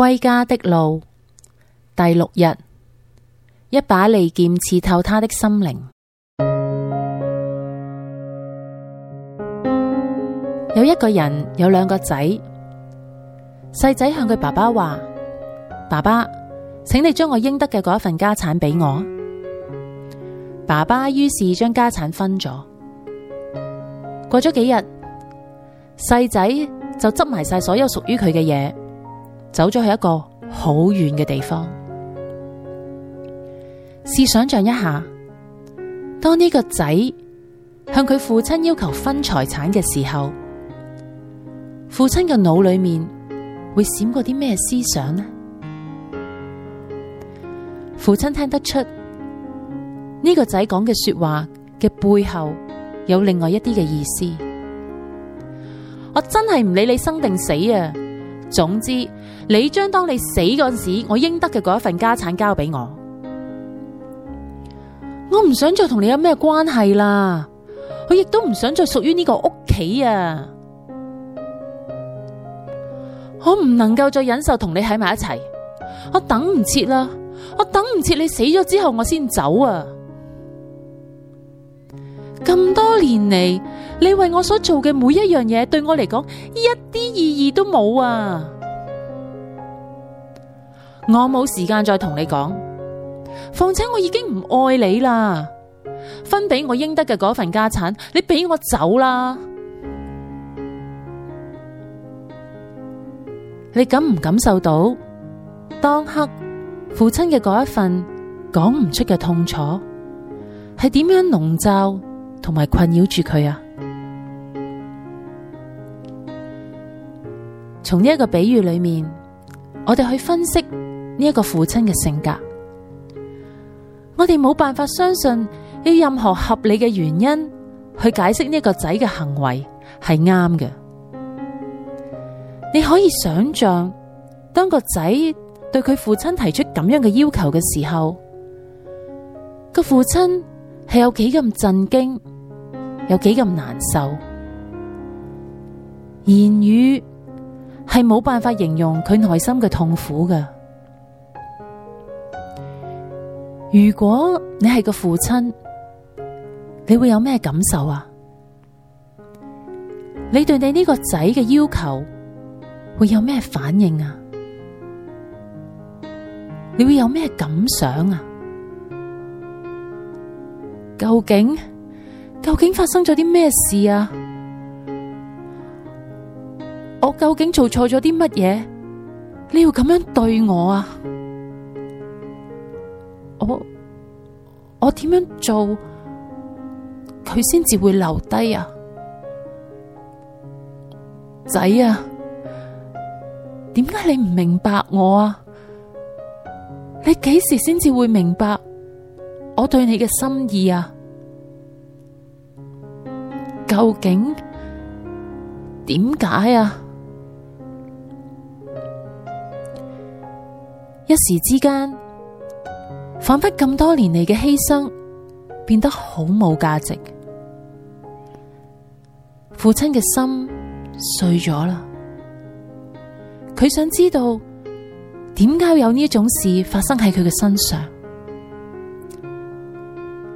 歸家的路，第六日，一把利劍刺透祂的心靈。 有一個人有兩個仔，細仔向佢爸爸話：「爸爸，請你將我應得嘅嗰一份家產俾我。」爸爸於是將家產分咗。過咗幾日，細仔就執埋晒所有屬於佢嘅嘢。走咗去一個好遠嘅地方。試想象一下，當呢個仔向佢父親要求分財產嘅時候，父親嘅腦裏面會閃過啲咩思想呢？父親聽得出呢個仔講嘅說話嘅背後有另外一啲嘅意思。我真係唔理你生定死啊！總之，你將當你死嗰陣時，我應得嘅嗰一份家產交俾我。我唔想再同你有咩關係啦，我亦都唔想再屬於呢個屋企啊！我唔能夠再忍受同你喺埋一齊，我等唔切啦，我等唔切你死咗之後我先走啊！咁多年嚟，你為我所做嘅每一樣嘢，對我嚟講一啲意義都冇啊！我冇時間再同你講，況且我已經唔愛你啦。分俾我應得嘅嗰份家產，你俾我走啦。你感唔感受到當刻父親嘅嗰一份講唔出嘅痛楚，係點樣籠罩同埋困擾住佢啊？從呢一個比喻裏面，我哋去分析呢一個父親嘅性格。我哋冇辦法相信有任何合理嘅原因去解釋呢一個仔嘅行為係啱嘅。你可以想象，當個仔對佢父親提出咁樣嘅要求嘅時候，個父親係有幾咁震驚，有幾咁難受。言語。係冇辦法形容佢內心嘅痛苦噶如果你係個父親，你會有咩感受啊？你對你呢個仔嘅要求會有咩反應啊？你會有咩感想啊？究竟究竟發生咗啲咩事啊？究竟做錯咗啲乜嘢，你要咁樣對我啊？我我點樣做，佢先至會留低啊？仔啊，點解你唔明白我啊？你幾時先至會明白我對你嘅心意啊？究竟，點解啊？一時之間，仿佛咁多年嚟嘅犧牲變得好冇價值。父親嘅心碎咗啦，佢想知道點解有呢種事發生喺佢嘅身上，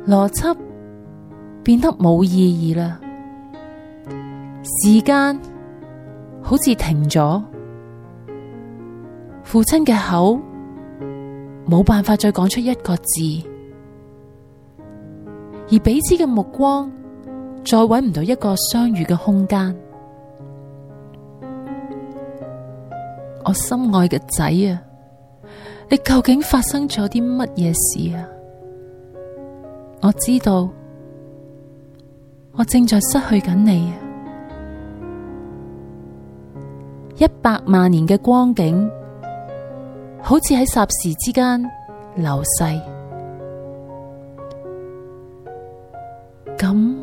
邏輯變得冇意義啦，時間好似停咗，父親嘅口，冇辦法再講出一個字，而彼此嘅目光再搵唔到一個相遇嘅空間。我心愛嘅仔啊，你究竟發生咗啲乜嘢事啊？我知道，我正在失去緊你啊！一百萬年嘅光景。好似喺霎時之間流逝，咁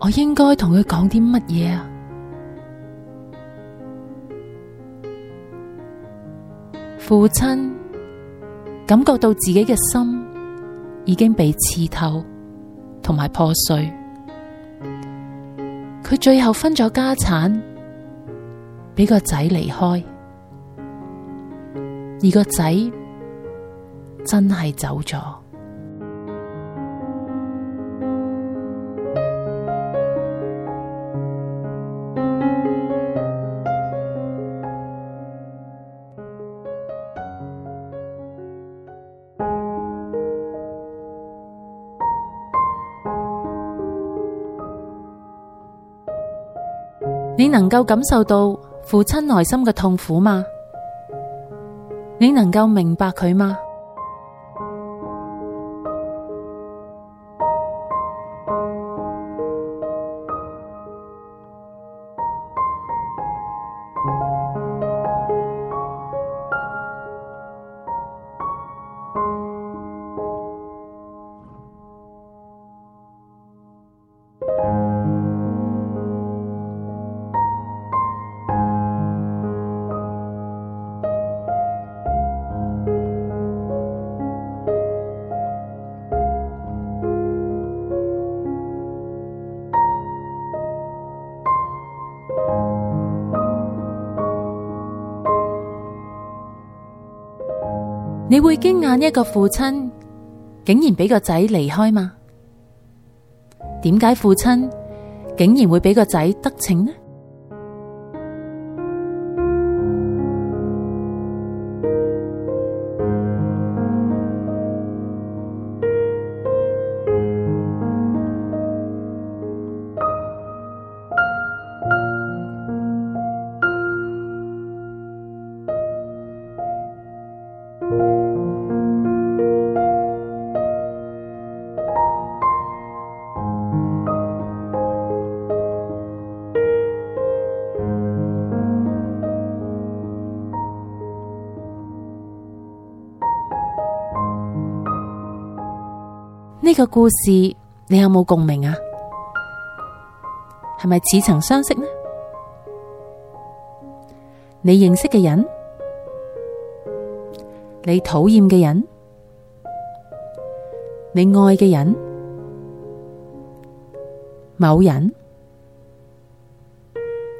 我應該同佢講啲乜嘢啊？父親感覺到自己嘅心已經被刺透，同埋破碎，佢最後分咗家產俾個仔離開。而個仔真係走咗。你能夠感受到父親內心嘅痛苦嗎？你能夠明白佢嗎？你會驚訝一個父親竟然俾個仔離開嗎？點解父親竟然會俾個仔得逞呢？呢個故事你有冇共鳴啊？係咪似曾相識呢？你認識嘅人，你討厭嘅人，你愛嘅人，某人，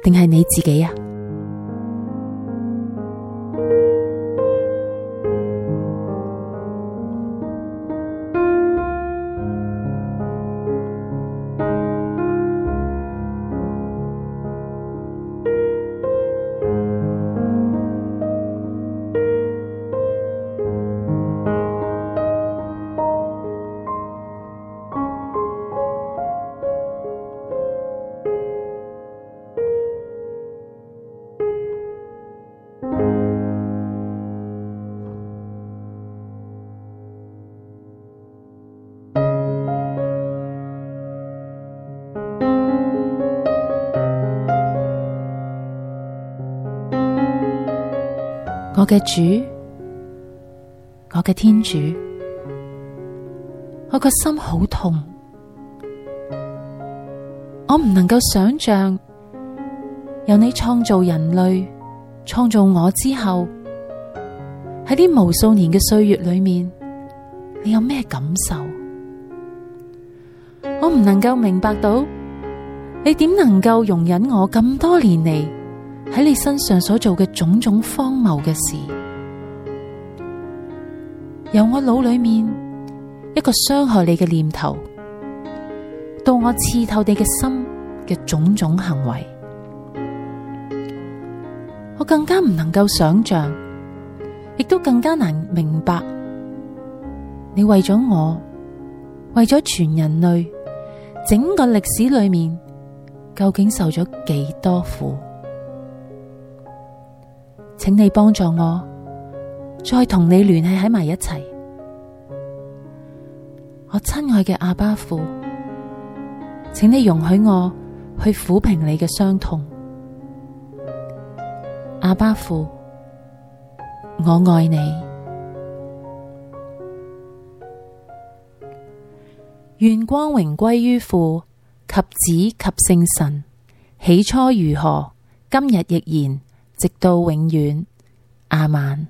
定係你自己啊？我嘅主，我嘅天主，我個心好痛，我唔能夠想象由你創造人類，創造我之後，喺啲無數年嘅歲月裏面，你有咩感受？我唔能夠明白到，你點能夠容忍我咁多年嚟，喺你身上所做嘅種種荒謬嘅事，由我腦裏面一個傷害你嘅念頭，到我刺透你嘅心嘅種種行為，我更加唔能夠想象，亦都更加難明白，你為咗我，為咗全人類，整個歷史裏面究竟受咗幾多苦。請你幫助我，再同你聯繫喺埋一齊。我親愛嘅阿爸父，請你容許我去撫平你嘅傷痛，阿爸父，我愛你。願光榮歸於父及子及聖神，起初如何，今日亦然。直到永遠，亞孟。